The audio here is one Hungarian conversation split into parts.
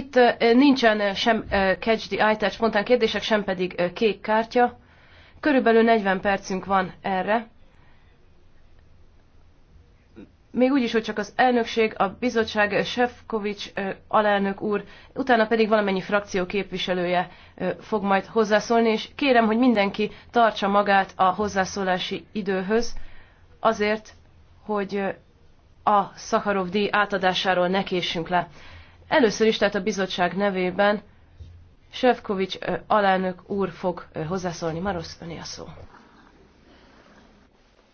Itt nincsen sem catch the eye, tehát spontán kérdések, sem pedig kék kártya. Körülbelül 40 percünk van erre. Még úgy is, hogy csak az elnökség, a bizottság, Sefkovics alelnök úr, utána pedig valamennyi frakció képviselője fog majd hozzászólni, és kérem, hogy mindenki tartsa magát a hozzászólási időhöz, azért, hogy a Szaharov díj átadásáról ne késünk le. Először is, tehát a bizottság nevében Sefcovics alelnök úr fog hozzászólni. Marosz, öné a szó.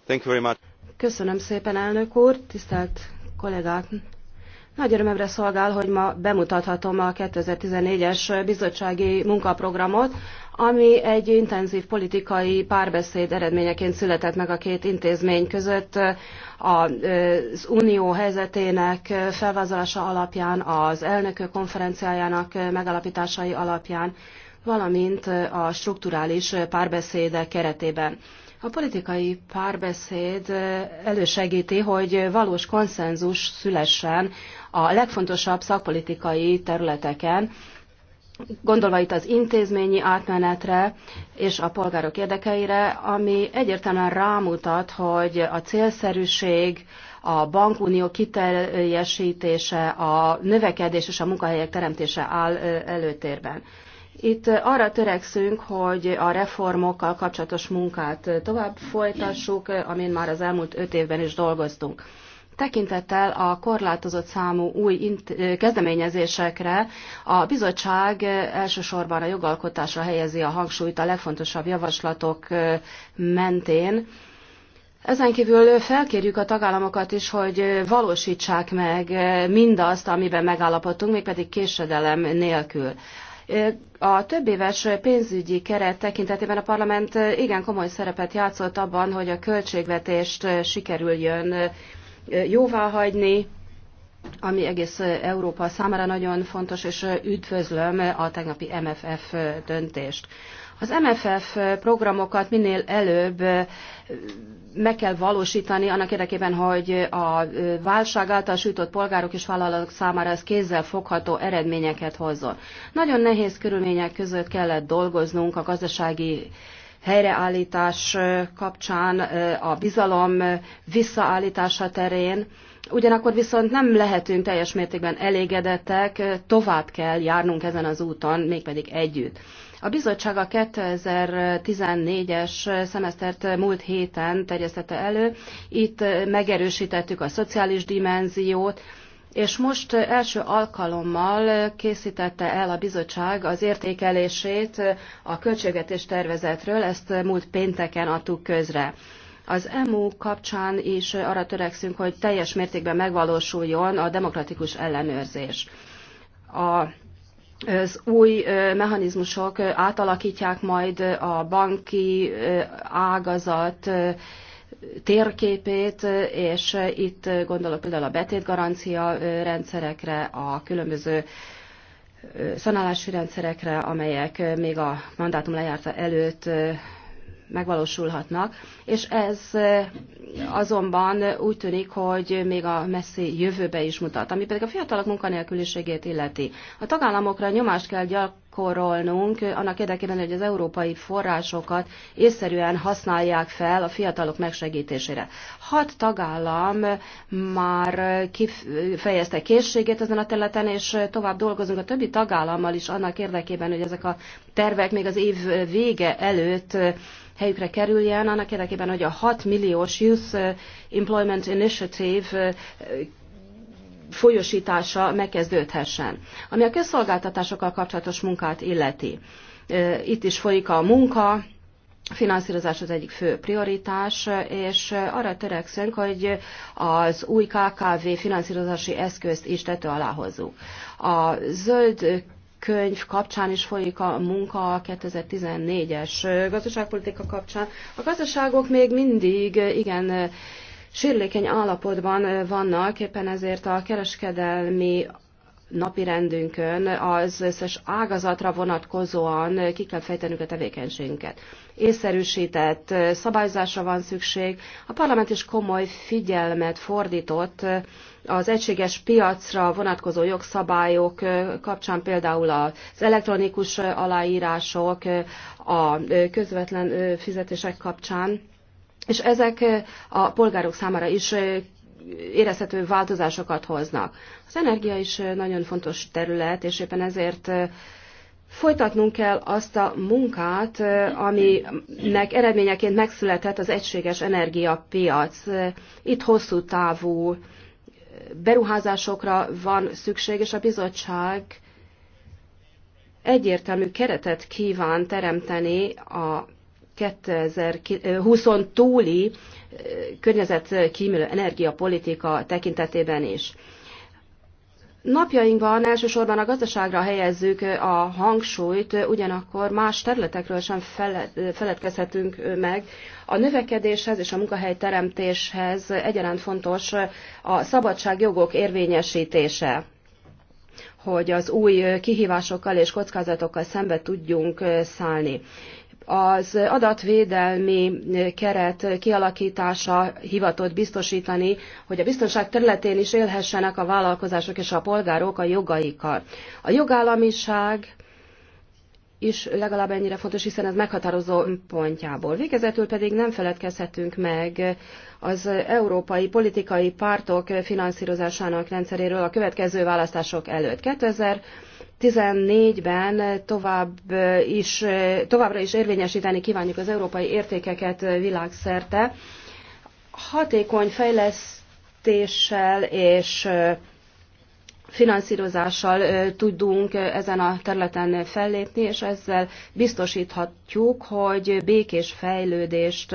Thank you very much. Köszönöm szépen, elnök úr, tisztelt kollégák! Nagy örömömre szolgál, hogy ma bemutathatom a 2014-es bizottsági munkaprogramot, ami egy intenzív politikai párbeszéd eredményeként született meg a két intézmény között az unió helyzetének felvázolása alapján, az elnökök konferenciájának megalapításai alapján, valamint a strukturális párbeszéde keretében. A politikai párbeszéd elősegíti, hogy valós konszenzus szülessen a legfontosabb szakpolitikai területeken, gondolva itt az intézményi átmenetre és a polgárok érdekeire, ami egyértelműen rámutat, hogy a célszerűség, a bankunió kiteljesítése, a növekedés és a munkahelyek teremtése áll előtérben. Itt arra törekszünk, hogy a reformokkal kapcsolatos munkát tovább folytassuk, amin már az elmúlt öt évben is dolgoztunk. Tekintettel a korlátozott számú új kezdeményezésekre a bizottság elsősorban a jogalkotásra helyezi a hangsúlyt a legfontosabb javaslatok mentén. Ezen kívül felkérjük a tagállamokat is, hogy valósítsák meg mindazt, amiben megállapodtunk, mégpedig késedelem nélkül. A több éves pénzügyi keret tekintetében a parlament igen komoly szerepet játszott abban, hogy a költségvetést sikerüljön jóvá hagyni, ami egész Európa számára nagyon fontos, és üdvözlöm a tegnapi MFF döntést. Az MFF programokat minél előbb meg kell valósítani annak érdekében, hogy a válság által sújtott polgárok és vállalatok számára ez kézzel fogható eredményeket hozzon. Nagyon nehéz körülmények között kellett dolgoznunk a gazdasági helyreállítás kapcsán, a bizalom visszaállítása terén. Ugyanakkor viszont nem lehetünk teljes mértékben elégedettek, tovább kell járnunk ezen az úton, mégpedig együtt. A bizottság a 2014-es szemesztert múlt héten terjesztette elő, itt megerősítettük a szociális dimenziót, és most első alkalommal készítette el a bizottság az értékelését a költségvetés tervezetről, ezt múlt pénteken adtuk közre. Az EMU kapcsán is arra törekszünk, hogy teljes mértékben megvalósuljon a demokratikus ellenőrzés. A az új mechanizmusok átalakítják majd a banki ágazat térképét, és itt gondolok például a betétgarancia rendszerekre, a különböző szanálási rendszerekre, amelyek még a mandátum lejárta előtt megvalósulhatnak, és ez azonban úgy tűnik, hogy még a messzi jövőbe is mutat, ami pedig a fiatalok munkanélküliségét illeti. A tagállamokra nyomást kell gyakorolni, gyakorolnunk annak érdekében, hogy az európai forrásokat észszerűen használják fel a fiatalok megsegítésére. Hat tagállam már kifejezte készségét ezen a területen, és tovább dolgozunk a többi tagállammal is annak érdekében, hogy ezek a tervek még az év vége előtt helyükre kerüljen, annak érdekében, hogy a 6 milliós Youth Employment Initiative folyosítása megkezdődhessen. Ami a közszolgáltatásokkal kapcsolatos munkát illeti, itt is folyik a munka, finanszírozás az egyik fő prioritás, és arra törekszünk, hogy az új KKV finanszírozási eszközt is tető alá hozzuk. A zöld könyv kapcsán is folyik a munka a 2014-es gazdaságpolitika kapcsán. A gazdaságok még mindig igen sérülékeny állapotban vannak, éppen ezért a kereskedelmi napirendünkön az összes ágazatra vonatkozóan ki kell fejtenünk a tevékenységünket. Észszerűsített szabályzásra van szükség. A parlament is komoly figyelmet fordított az egységes piacra vonatkozó jogszabályok kapcsán például az elektronikus aláírások, a közvetlen fizetések kapcsán és ezek a polgárok számára is érezhető változásokat hoznak. Az energia is nagyon fontos terület, és éppen ezért folytatnunk kell azt a munkát, aminek eredményeként megszületett az egységes energiapiac. Itt hosszú távú beruházásokra van szükség, és a bizottság egyértelmű keretet kíván teremteni a 2020-on túli eh, környezetkímélő energiapolitika tekintetében is. Napjainkban elsősorban a gazdaságra helyezzük eh, a hangsúlyt, eh, ugyanakkor más területekről sem feledkezhetünk meg. A növekedéshez és a munkahelyteremtéshez egyaránt fontos a szabadságjogok érvényesítése hogy az új kihívásokkal és kockázatokkal szembe tudjunk szállni. Az adatvédelmi keret kialakítása hivatott biztosítani, hogy a biztonság területén is élhessenek a vállalkozások és a polgárok a jogaikkal. A jogállamiság is legalább ennyire fontos, hiszen ez meghatározó pontjából. Végezetül pedig nem feledkezhetünk meg az európai politikai pártok finanszírozásának rendszeréről a következő választások előtt. 2000 14-ben tovább is, továbbra is érvényesíteni kívánjuk az európai értékeket világszerte. Hatékony fejlesztéssel és finanszírozással tudunk ezen a területen fellépni, és ezzel biztosíthatjuk, hogy békés fejlődést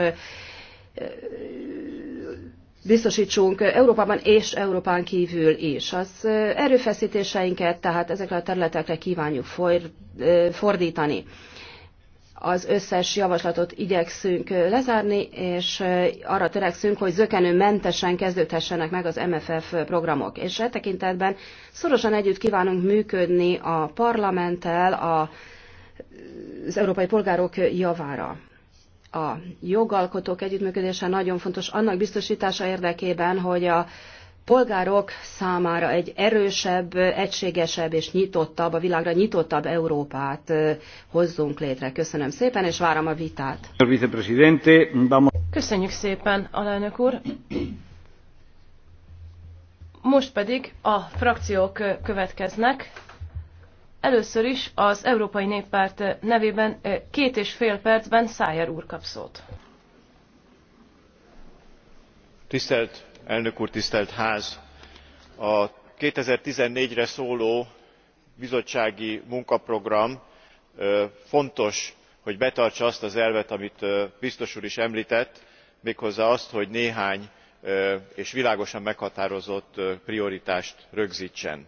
biztosítsunk Európában és Európán kívül is. Az erőfeszítéseinket tehát ezekre a területekre kívánjuk fordítani. Az összes javaslatot igyekszünk lezárni, és arra törekszünk, hogy zökenőmentesen kezdődhessenek meg az MFF programok. És e tekintetben szorosan együtt kívánunk működni a parlamenttel, a, az európai polgárok javára a jogalkotók együttműködése nagyon fontos annak biztosítása érdekében, hogy a polgárok számára egy erősebb, egységesebb és nyitottabb, a világra nyitottabb Európát hozzunk létre. Köszönöm szépen, és várom a vitát. Köszönjük szépen, alelnök úr. Most pedig a frakciók következnek. Először is az Európai Néppárt nevében eh, két és fél percben Szájer úr kap szót. Tisztelt elnök úr, tisztelt ház! A 2014-re szóló bizottsági munkaprogram eh, fontos, hogy betartsa azt az elvet, amit eh, biztos úr is említett, méghozzá azt, hogy néhány és világosan meghatározott prioritást rögzítsen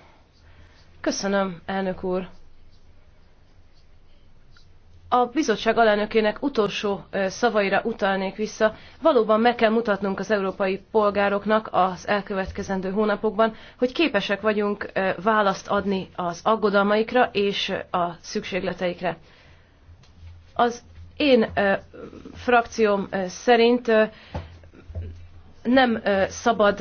Köszönöm, elnök úr. A bizottság alelnökének utolsó szavaira utalnék vissza. Valóban meg kell mutatnunk az európai polgároknak az elkövetkezendő hónapokban, hogy képesek vagyunk választ adni az aggodalmaikra és a szükségleteikre. Az én frakcióm szerint nem szabad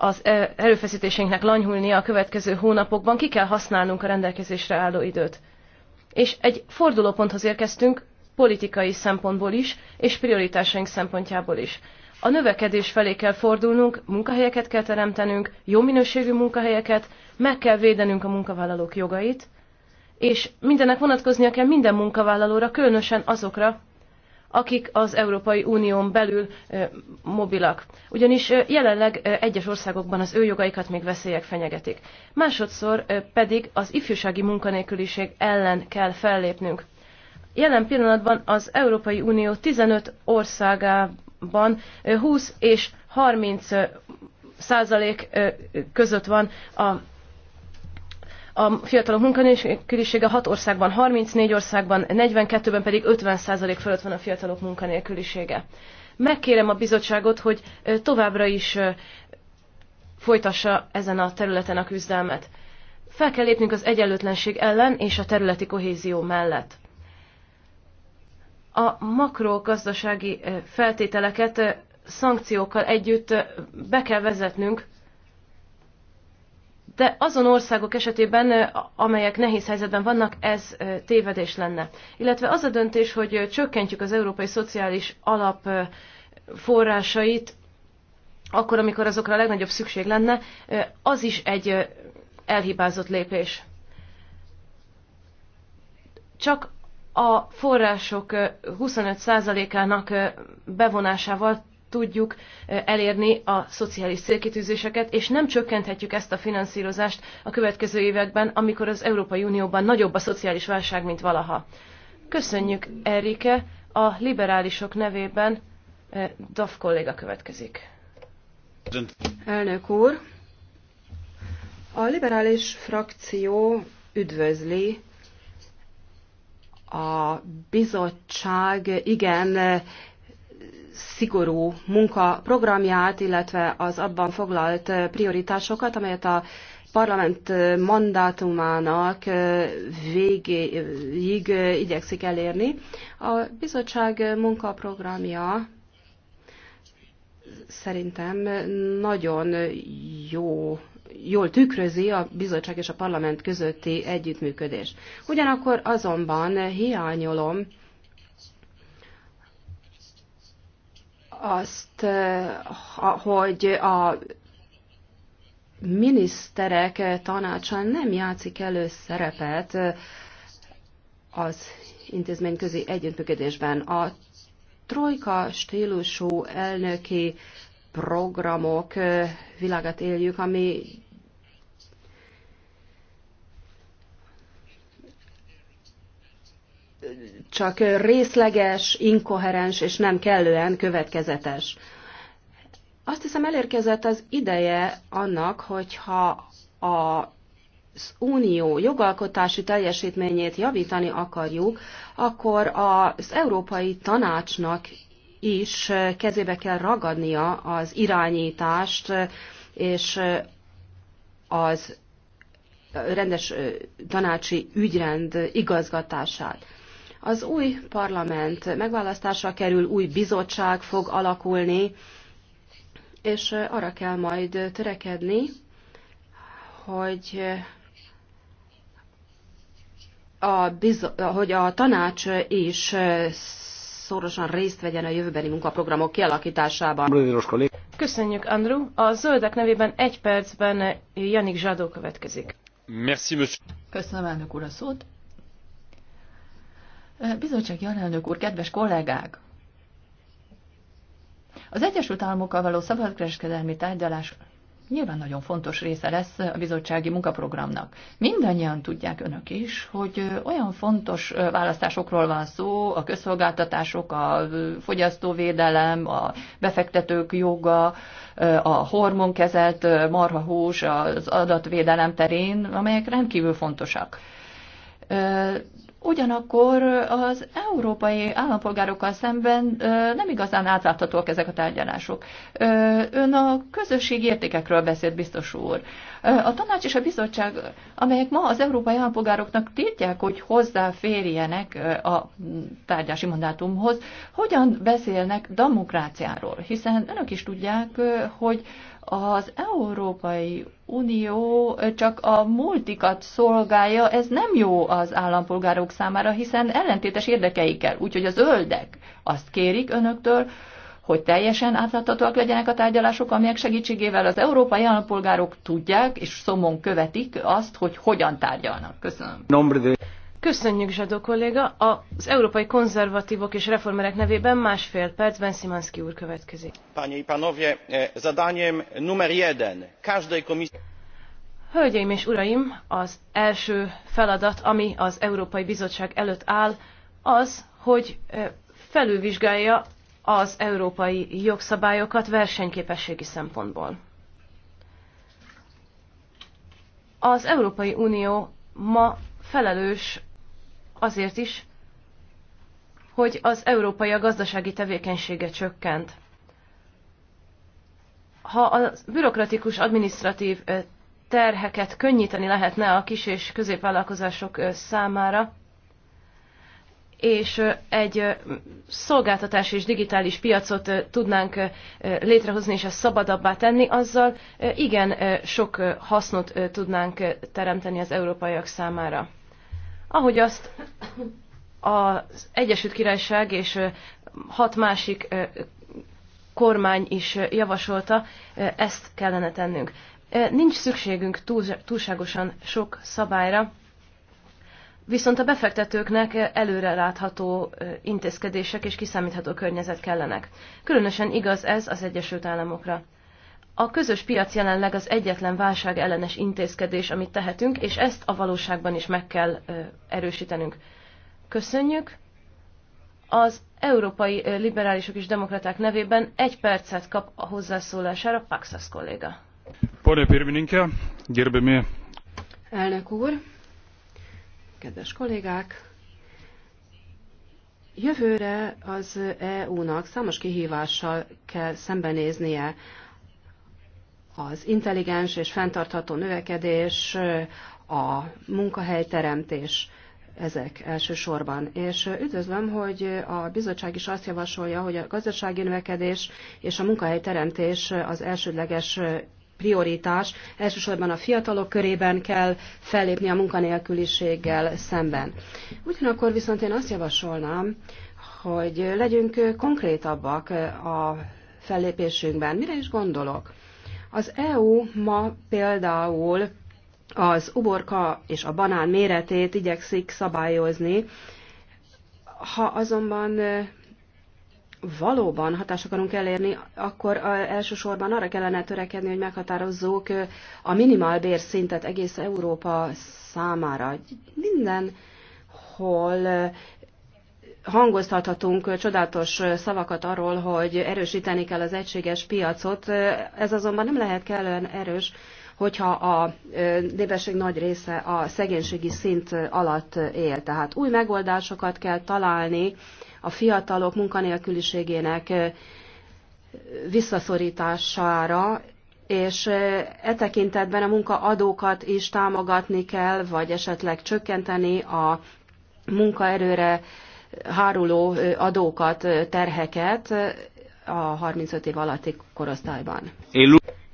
az erőfeszítéseinknek lanyhulnia a következő hónapokban, ki kell használnunk a rendelkezésre álló időt. És egy fordulóponthoz érkeztünk politikai szempontból is, és prioritásaink szempontjából is. A növekedés felé kell fordulnunk, munkahelyeket kell teremtenünk, jó minőségű munkahelyeket, meg kell védenünk a munkavállalók jogait, és mindennek vonatkoznia kell minden munkavállalóra, különösen azokra, akik az Európai Unión belül mobilak. Ugyanis jelenleg egyes országokban az ő jogaikat még veszélyek fenyegetik. Másodszor pedig az ifjúsági munkanélküliség ellen kell fellépnünk. Jelen pillanatban az Európai Unió 15 országában 20 és 30 százalék között van a a fiatalok munkanélkülisége 6 országban 34 országban, 42-ben pedig 50% fölött van a fiatalok munkanélkülisége. Megkérem a bizottságot, hogy továbbra is folytassa ezen a területen a küzdelmet. Fel kell lépnünk az egyenlőtlenség ellen és a területi kohézió mellett. A makrogazdasági feltételeket szankciókkal együtt be kell vezetnünk de azon országok esetében, amelyek nehéz helyzetben vannak, ez tévedés lenne. Illetve az a döntés, hogy csökkentjük az európai szociális alap forrásait, akkor, amikor azokra a legnagyobb szükség lenne, az is egy elhibázott lépés. Csak a források 25%-ának bevonásával tudjuk elérni a szociális célkitűzéseket, és nem csökkenthetjük ezt a finanszírozást a következő években, amikor az Európai Unióban nagyobb a szociális válság, mint valaha. Köszönjük, Erike! A liberálisok nevében DAF kolléga következik. Elnök úr! A liberális frakció üdvözli a bizottság igen szigorú munkaprogramját, illetve az abban foglalt eh, prioritásokat, amelyet a parlament eh, mandátumának eh, végéig igyekszik elérni. A bizottság munkaprogramja szerintem nagyon jó jól tükrözi a bizottság és a parlament közötti együttműködés. Ugyanakkor azonban hiányolom azt, eh, hogy a miniszterek tanácsa nem játszik elő szerepet eh, az intézményközi együttműködésben. A trojka stílusú elnöki programok eh, világát éljük, ami csak részleges, inkoherens és nem kellően következetes. Azt hiszem elérkezett az ideje annak, hogyha a az unió jogalkotási teljesítményét javítani akarjuk, akkor az Európai Tanácsnak is kezébe kell ragadnia az irányítást, és az rendes tanácsi ügyrend igazgatását. Az új parlament megválasztásra kerül, új bizottság fog alakulni, és arra kell majd törekedni, hogy a, bizo- hogy a tanács is szorosan részt vegyen a jövőbeni munkaprogramok kialakításában. Köszönjük, Andrew. A zöldek nevében egy percben Janik Zsadó következik. Merci, monsieur. Köszönöm, elnök úr, a szót. Bizottsági alelnök úr, kedves kollégák! Az Egyesült Államokkal való szabadkereskedelmi tárgyalás nyilván nagyon fontos része lesz a bizottsági munkaprogramnak. Mindannyian tudják önök is, hogy olyan fontos választásokról van szó, a közszolgáltatások, a fogyasztóvédelem, a befektetők joga, a hormonkezelt marhahús, az adatvédelem terén, amelyek rendkívül fontosak Ugyanakkor az európai állampolgárokkal szemben nem igazán átláthatóak ezek a tárgyalások. Ön a közösségi értékekről beszélt, biztos úr. A tanács és a bizottság, amelyek ma az európai állampolgároknak tiltják, hogy hozzáférjenek a tárgyási mandátumhoz, hogyan beszélnek demokráciáról? Hiszen önök is tudják, hogy az Európai Unió csak a multikat szolgálja, ez nem jó az állampolgárok számára, hiszen ellentétes érdekeikkel. Úgyhogy az öldek azt kérik önöktől, hogy teljesen átláthatóak legyenek a tárgyalások, amelyek segítségével az európai állampolgárok tudják és szomon követik azt, hogy hogyan tárgyalnak. Köszönöm. Köszönjük, Zsadó kolléga. Az európai konzervatívok és reformerek nevében másfél percben Szimanszki úr következik. Panie i panowie, e, zadaniem numer jeden każdej komisji... Hölgyeim és uraim, az első feladat, ami az Európai Bizottság előtt áll, az, hogy e, felülvizsgálja az európai jogszabályokat versenyképességi szempontból. Az Európai Unió ma felelős azért is, hogy az európai a gazdasági tevékenysége csökkent. Ha a bürokratikus adminisztratív terheket könnyíteni lehetne a kis és középvállalkozások számára, és egy szolgáltatás és digitális piacot tudnánk létrehozni és ezt szabadabbá tenni, azzal igen sok hasznot tudnánk teremteni az európaiak számára ahogy azt az Egyesült Királyság és hat másik kormány is javasolta, ezt kellene tennünk. Nincs szükségünk túlságosan sok szabályra, viszont a befektetőknek előrelátható intézkedések és kiszámítható környezet kellenek. Különösen igaz ez az Egyesült Államokra. A közös piac jelenleg az egyetlen válság ellenes intézkedés, amit tehetünk, és ezt a valóságban is meg kell erősítenünk. Köszönjük! Az európai liberálisok és demokraták nevében egy percet kap a hozzászólására Paxas kolléga. Pane pirmininke, gerbemi. Elnök úr, kedves kollégák, jövőre az EU-nak számos kihívással kell szembenéznie az intelligens és fenntartható növekedés, a munkahelyteremtés, ezek elsősorban. És üdvözlöm, hogy a bizottság is azt javasolja, hogy a gazdasági növekedés és a munkahelyteremtés az elsődleges prioritás. Elsősorban a fiatalok körében kell fellépni a munkanélküliséggel szemben. Ugyanakkor viszont én azt javasolnám, hogy legyünk konkrétabbak a fellépésünkben. Mire is gondolok? Az EU ma például az uborka és a banán méretét igyekszik szabályozni. Ha azonban valóban hatást akarunk elérni, akkor elsősorban arra kellene törekedni, hogy meghatározzuk a minimálbér szintet egész Európa számára. Mindenhol hangoztathatunk csodálatos szavakat arról, hogy erősíteni kell az egységes piacot. Ez azonban nem lehet kellően erős, hogyha a népesség nagy része a szegénységi szint alatt él. Tehát új megoldásokat kell találni a fiatalok munkanélküliségének visszaszorítására, és e tekintetben a munkaadókat is támogatni kell, vagy esetleg csökkenteni a munkaerőre háruló adókat, terheket a 35 év alatti korosztályban.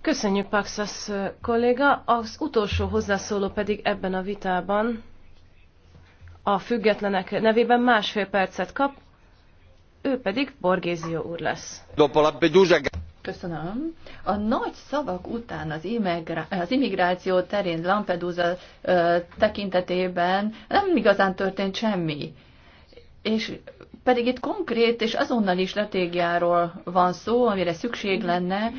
Köszönjük, Paxas kolléga. Az utolsó hozzászóló pedig ebben a vitában a függetlenek nevében másfél percet kap, ő pedig Borgézió úr lesz. Köszönöm. A nagy szavak után az, az immigráció terén Lampedusa ö, tekintetében nem igazán történt semmi és pedig itt konkrét és azonnali stratégiáról van szó, amire szükség lenne,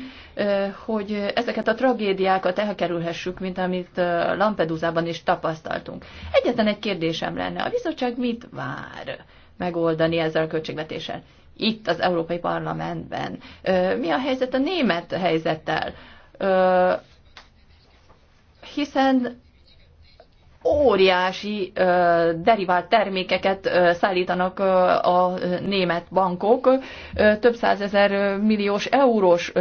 hogy ezeket a tragédiákat elkerülhessük, mint amit Lampedusában is tapasztaltunk. Egyetlen egy kérdésem lenne, a bizottság mit vár megoldani ezzel a költségvetéssel? Itt az Európai Parlamentben. Mi a helyzet a német helyzettel? Hiszen óriási derivált termékeket szállítanak a német bankok, több százezer milliós eurós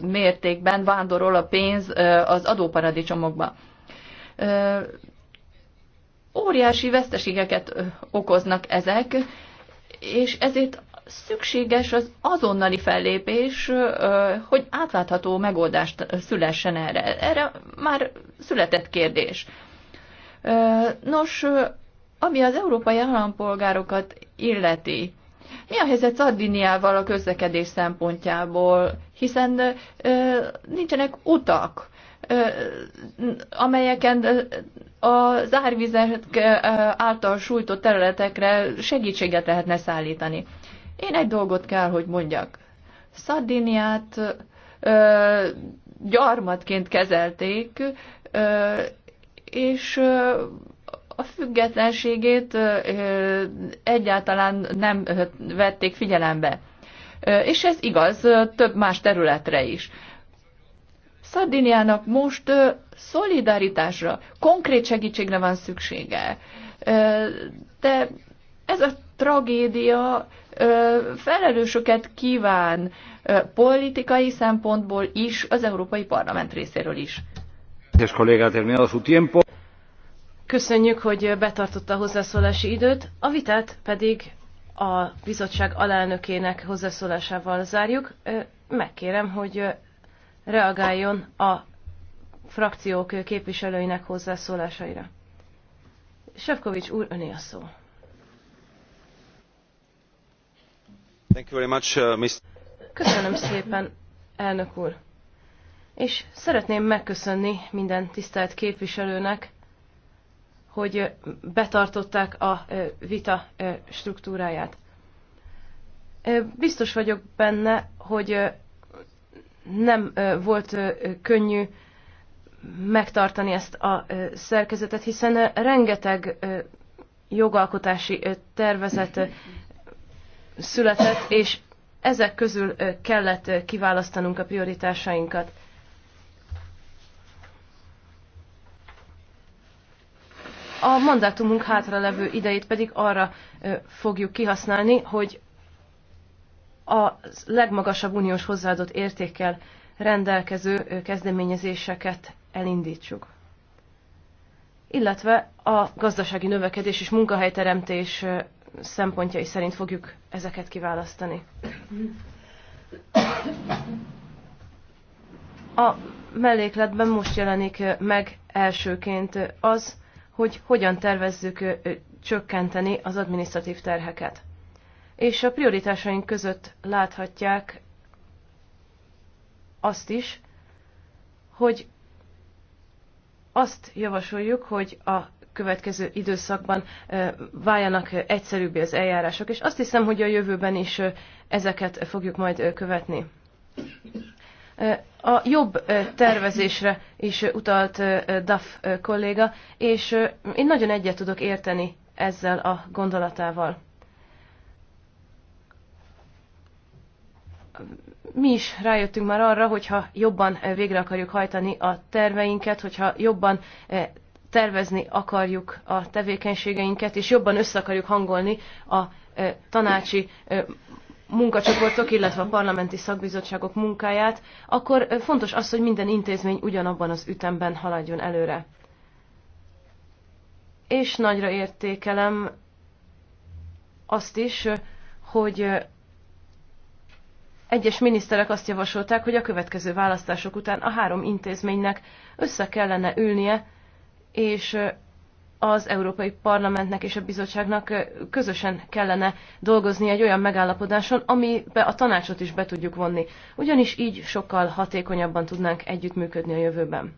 mértékben vándorol a pénz az adóparadicsomokba. Óriási veszteségeket okoznak ezek, és ezért szükséges az azonnali fellépés, hogy átlátható megoldást szülessen erre. Erre már született kérdés. Nos, ami az európai állampolgárokat illeti, mi a helyzet Szardiniával a közlekedés szempontjából, hiszen nincsenek utak, amelyeken az árvizek által sújtott területekre segítséget lehetne szállítani. Én egy dolgot kell, hogy mondjak. Szardiniát gyarmatként kezelték, és a függetlenségét egyáltalán nem vették figyelembe. És ez igaz több más területre is. Szardiniának most szolidaritásra, konkrét segítségre van szüksége. De ez a tragédia felelősöket kíván politikai szempontból is, az Európai Parlament részéről is. Köszönjük, hogy betartotta a hozzászólási időt, a vitát pedig a bizottság alelnökének hozzászólásával zárjuk. Megkérem, hogy reagáljon a frakciók képviselőinek hozzászólásaira. Sefkovics úr, öné a szó. Uh, Köszönöm szépen, elnök úr és szeretném megköszönni minden tisztelt képviselőnek, hogy betartották a vita struktúráját. Biztos vagyok benne, hogy nem volt könnyű megtartani ezt a szerkezetet, hiszen rengeteg jogalkotási tervezet született, és ezek közül kellett kiválasztanunk a prioritásainkat. A mandátumunk levő idejét pedig arra fogjuk kihasználni, hogy a legmagasabb uniós hozzáadott értékkel rendelkező kezdeményezéseket elindítsuk. Illetve a gazdasági növekedés és munkahelyteremtés szempontjai szerint fogjuk ezeket kiválasztani. A mellékletben most jelenik meg elsőként az, hogy hogyan tervezzük csökkenteni az adminisztratív terheket. És a prioritásaink között láthatják azt is, hogy azt javasoljuk, hogy a következő időszakban váljanak egyszerűbbé az eljárások, és azt hiszem, hogy a jövőben is ezeket fogjuk majd követni. A jobb tervezésre is utalt Duff kolléga, és én nagyon egyet tudok érteni ezzel a gondolatával. mi is rájöttünk már arra, hogyha jobban végre akarjuk hajtani a terveinket, hogyha jobban tervezni akarjuk a tevékenységeinket, és jobban össze akarjuk hangolni a tanácsi munkacsoportok, illetve a parlamenti szakbizottságok munkáját, akkor fontos az, hogy minden intézmény ugyanabban az ütemben haladjon előre. És nagyra értékelem azt is, hogy egyes miniszterek azt javasolták, hogy a következő választások után a három intézménynek össze kellene ülnie, és az Európai Parlamentnek és a bizottságnak közösen kellene dolgozni egy olyan megállapodáson, amibe a tanácsot is be tudjuk vonni. Ugyanis így sokkal hatékonyabban tudnánk együttműködni a jövőben.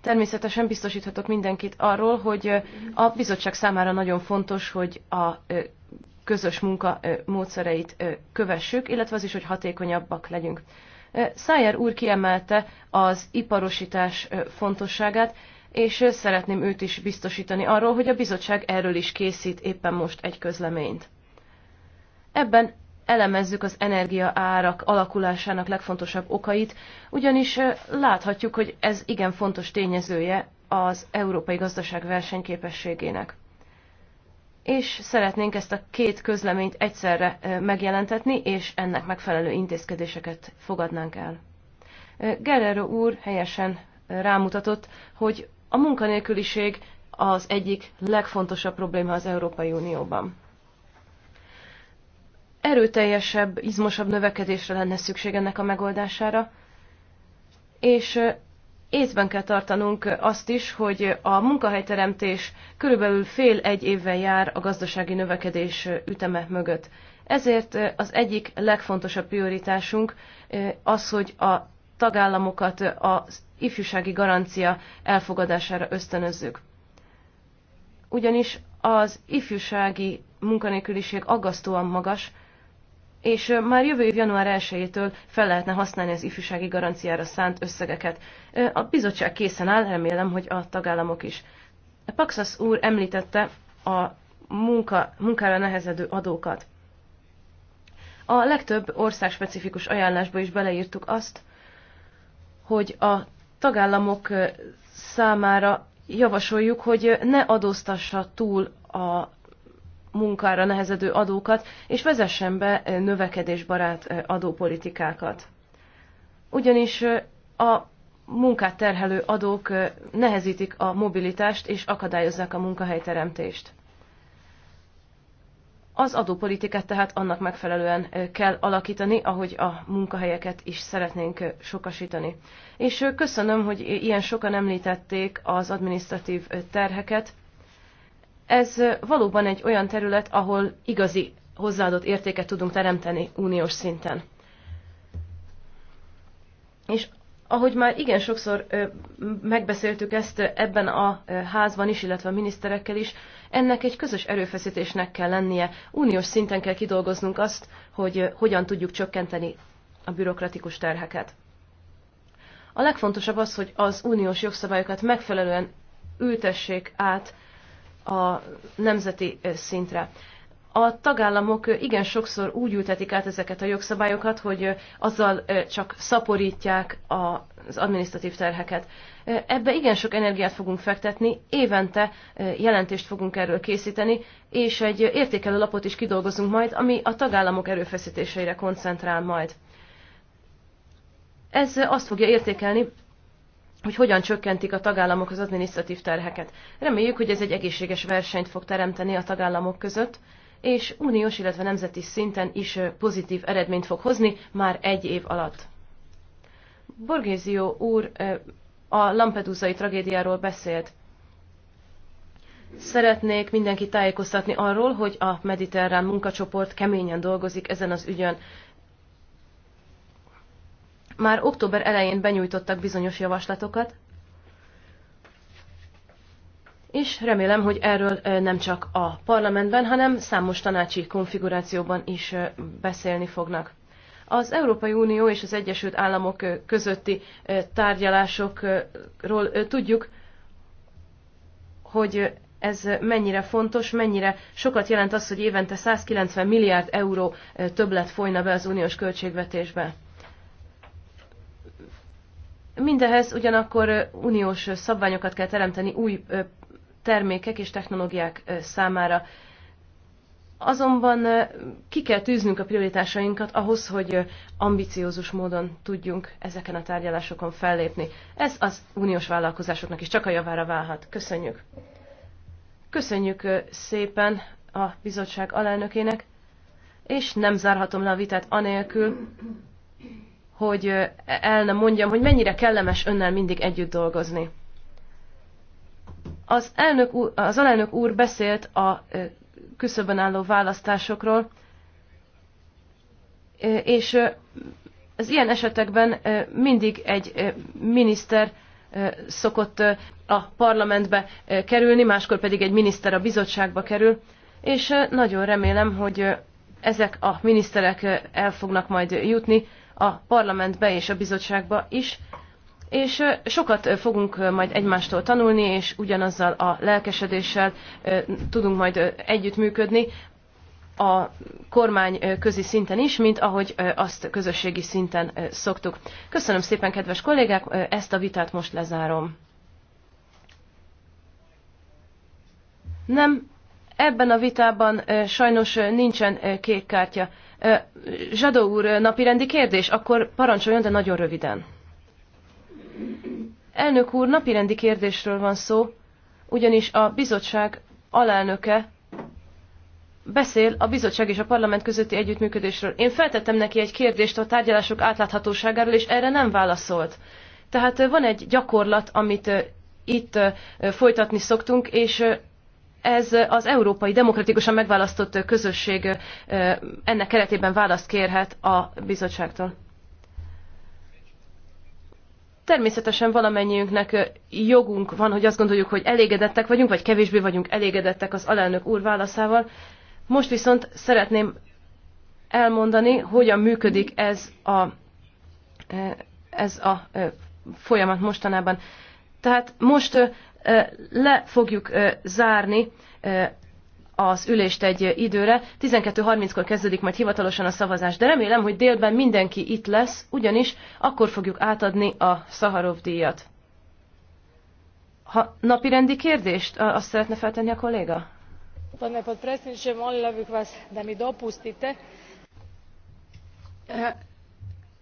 Természetesen biztosíthatok mindenkit arról, hogy a bizottság számára nagyon fontos, hogy a közös munka módszereit kövessük, illetve az is, hogy hatékonyabbak legyünk. Szájer úr kiemelte az iparosítás fontosságát, és szeretném őt is biztosítani arról, hogy a bizottság erről is készít éppen most egy közleményt. Ebben elemezzük az energia árak alakulásának legfontosabb okait, ugyanis láthatjuk, hogy ez igen fontos tényezője az európai gazdaság versenyképességének. És szeretnénk ezt a két közleményt egyszerre megjelentetni, és ennek megfelelő intézkedéseket fogadnánk el. Guerrero úr helyesen rámutatott, hogy a munkanélküliség az egyik legfontosabb probléma az Európai Unióban. Erőteljesebb, izmosabb növekedésre lenne szükség ennek a megoldására, és észben kell tartanunk azt is, hogy a munkahelyteremtés körülbelül fél egy évvel jár a gazdasági növekedés üteme mögött. Ezért az egyik legfontosabb prioritásunk az, hogy a tagállamokat az ifjúsági garancia elfogadására ösztönözzük. Ugyanis az ifjúsági munkanélküliség aggasztóan magas, és már jövő év január 1-től fel lehetne használni az ifjúsági garanciára szánt összegeket. A bizottság készen áll, remélem, hogy a tagállamok is. Paxas úr említette a munka, munkára nehezedő adókat. A legtöbb országspecifikus ajánlásba is beleírtuk azt, hogy a tagállamok számára javasoljuk, hogy ne adóztassa túl a munkára nehezedő adókat, és vezessen be növekedésbarát adópolitikákat. Ugyanis a munkát terhelő adók nehezítik a mobilitást és akadályozzák a munkahelyteremtést. Az adópolitikát tehát annak megfelelően kell alakítani, ahogy a munkahelyeket is szeretnénk sokasítani. És köszönöm, hogy ilyen sokan említették az administratív terheket. Ez valóban egy olyan terület, ahol igazi hozzáadott értéket tudunk teremteni uniós szinten. És ahogy már igen sokszor megbeszéltük ezt ebben a házban is, illetve a miniszterekkel is, ennek egy közös erőfeszítésnek kell lennie. Uniós szinten kell kidolgoznunk azt, hogy eh, hogyan tudjuk csökkenteni a bürokratikus terheket. A legfontosabb az, hogy az uniós jogszabályokat megfelelően ültessék át a nemzeti eh, szintre a tagállamok igen sokszor úgy ültetik át ezeket a jogszabályokat, hogy azzal csak szaporítják az administratív terheket. Ebbe igen sok energiát fogunk fektetni, évente jelentést fogunk erről készíteni, és egy értékelő lapot is kidolgozunk majd, ami a tagállamok erőfeszítéseire koncentrál majd. Ez azt fogja értékelni, hogy hogyan csökkentik a tagállamok az administratív terheket. Reméljük, hogy ez egy egészséges versenyt fog teremteni a tagállamok között, és uniós, illetve nemzeti szinten is pozitív eredményt fog hozni már egy év alatt. Borgézió úr a Lampedusai tragédiáról beszélt. Szeretnék mindenkit tájékoztatni arról, hogy a mediterrán munkacsoport keményen dolgozik ezen az ügyön. Már október elején benyújtottak bizonyos javaslatokat, és remélem, hogy erről nem csak a parlamentben, hanem számos tanácsi konfigurációban is beszélni fognak. Az Európai Unió és az Egyesült Államok közötti tárgyalásokról tudjuk, hogy ez mennyire fontos, mennyire sokat jelent az, hogy évente 190 milliárd euró többlet folyna be az uniós költségvetésbe. Mindehez ugyanakkor uniós szabványokat kell teremteni új termékek és technológiák számára. Azonban ki kell tűznünk a prioritásainkat ahhoz, hogy ambiciózus módon tudjunk ezeken a tárgyalásokon fellépni. Ez az uniós vállalkozásoknak is csak a javára válhat. Köszönjük. Köszönjük szépen a bizottság alelnökének, és nem zárhatom le a vitát anélkül, hogy el nem mondjam, hogy mennyire kellemes önnel mindig együtt dolgozni. Az, elnök úr, az alelnök úr beszélt a küszöbön álló választásokról, és az ilyen esetekben mindig egy miniszter szokott a parlamentbe kerülni, máskor pedig egy miniszter a bizottságba kerül, és nagyon remélem, hogy ezek a miniszterek el fognak majd jutni a parlamentbe és a bizottságba is, és sokat fogunk majd egymástól tanulni, és ugyanazzal a lelkesedéssel tudunk majd együttműködni a kormány közi szinten is, mint ahogy azt közösségi szinten szoktuk. Köszönöm szépen, kedves kollégák, ezt a vitát most lezárom. Nem, ebben a vitában sajnos nincsen kék kártya. Zsadó úr, napirendi kérdés, akkor parancsoljon, de nagyon röviden. Elnök úr, napirendi kérdésről van szó, ugyanis a bizottság alelnöke beszél a bizottság és a parlament közötti együttműködésről. Én feltettem neki egy kérdést a tárgyalások átláthatóságáról, és erre nem válaszolt. Tehát van egy gyakorlat, amit itt folytatni szoktunk, és ez az európai demokratikusan megválasztott közösség ennek keretében választ kérhet a bizottságtól. Természetesen valamennyiünknek jogunk van, hogy azt gondoljuk, hogy elégedettek vagyunk, vagy kevésbé vagyunk elégedettek az alelnök úr válaszával. Most viszont szeretném elmondani, hogyan működik ez a, ez a folyamat mostanában. Tehát most le fogjuk zárni az ülést egy időre. 12.30-kor kezdődik majd hivatalosan a szavazás, de remélem, hogy délben mindenki itt lesz, ugyanis akkor fogjuk átadni a Szaharov díjat. Ha napirendi kérdést, azt szeretne feltenni a kolléga? Gospodine potpredsjedniče, molila bih vas de mi dopustite. Eh,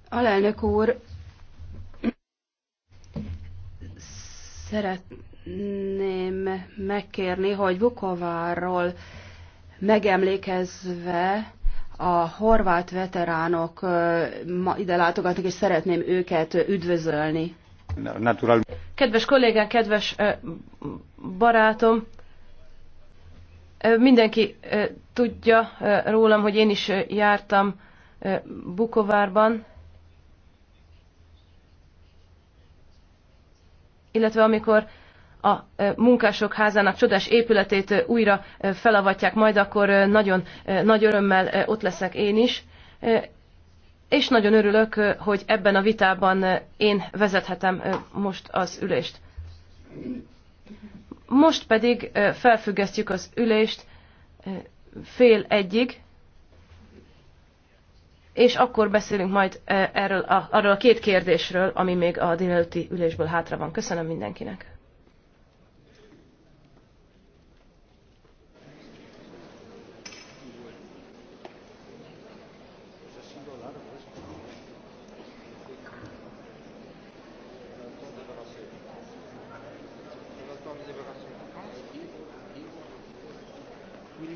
alelnök úr, szeret, szeretném megkérni, hogy Vukovárról megemlékezve a horvát veteránok ide látogatnak, és szeretném őket üdvözölni. Natural. Kedves kollégám, kedves barátom, mindenki tudja rólam, hogy én is jártam Bukovárban, illetve amikor a munkások házának csodás épületét újra felavatják, majd akkor nagyon nagy örömmel ott leszek én is. És nagyon örülök, hogy ebben a vitában én vezethetem most az ülést. Most pedig felfüggesztjük az ülést fél egyig, és akkor beszélünk majd erről a, arról a két kérdésről, ami még a délelőtti ülésből hátra van. Köszönöm mindenkinek!